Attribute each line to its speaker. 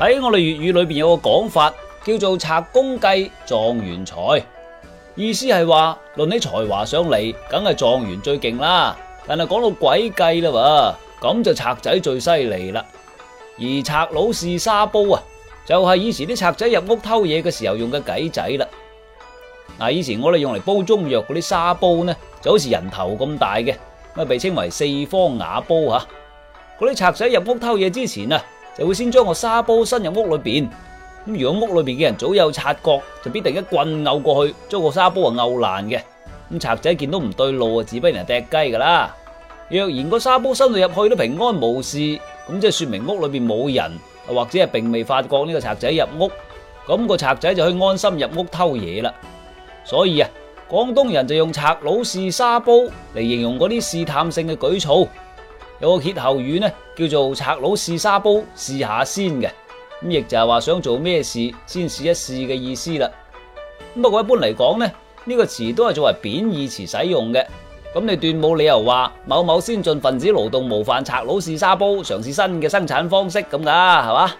Speaker 1: 喺我哋粵語裏邊有個講法叫做“賊公計狀元才”，意思係話論起才華上嚟，梗係狀元最勁啦。但係講到詭計啦，咁就賊仔最犀利啦。而賊佬試沙煲啊，就係、是、以前啲賊仔入屋偷嘢嘅時候用嘅計仔啦。嗱，以前我哋用嚟煲中藥嗰啲沙煲呢，就好似人頭咁大嘅，咁被稱為四方瓦煲吓。嗰啲賊仔入屋偷嘢之前啊。就會先將個沙煲伸入屋裏邊，咁如果屋裏邊嘅人早有察覺，就必定一棍毆過去，將個沙煲啊毆爛嘅。咁賊仔見到唔對路啊，自不然係踢雞噶啦。若然個沙煲伸到入去都平安無事，咁即係說明屋裏邊冇人，或者係並未發覺呢個賊仔入屋，咁個賊仔就可以安心入屋偷嘢啦。所以啊，廣東人就用“賊佬試沙煲”嚟形容嗰啲試探性嘅舉措。有個歇後語咧，叫做“賊佬試沙煲，試下先”嘅，咁亦就係話想做咩事先試一試嘅意思啦。不過，一般嚟講咧，呢、這個詞都係作為貶義詞使用嘅。咁你斷冇理由話某某先進分子勞動模範賊佬試沙煲，嘗試新嘅生產方式咁噶，係嘛？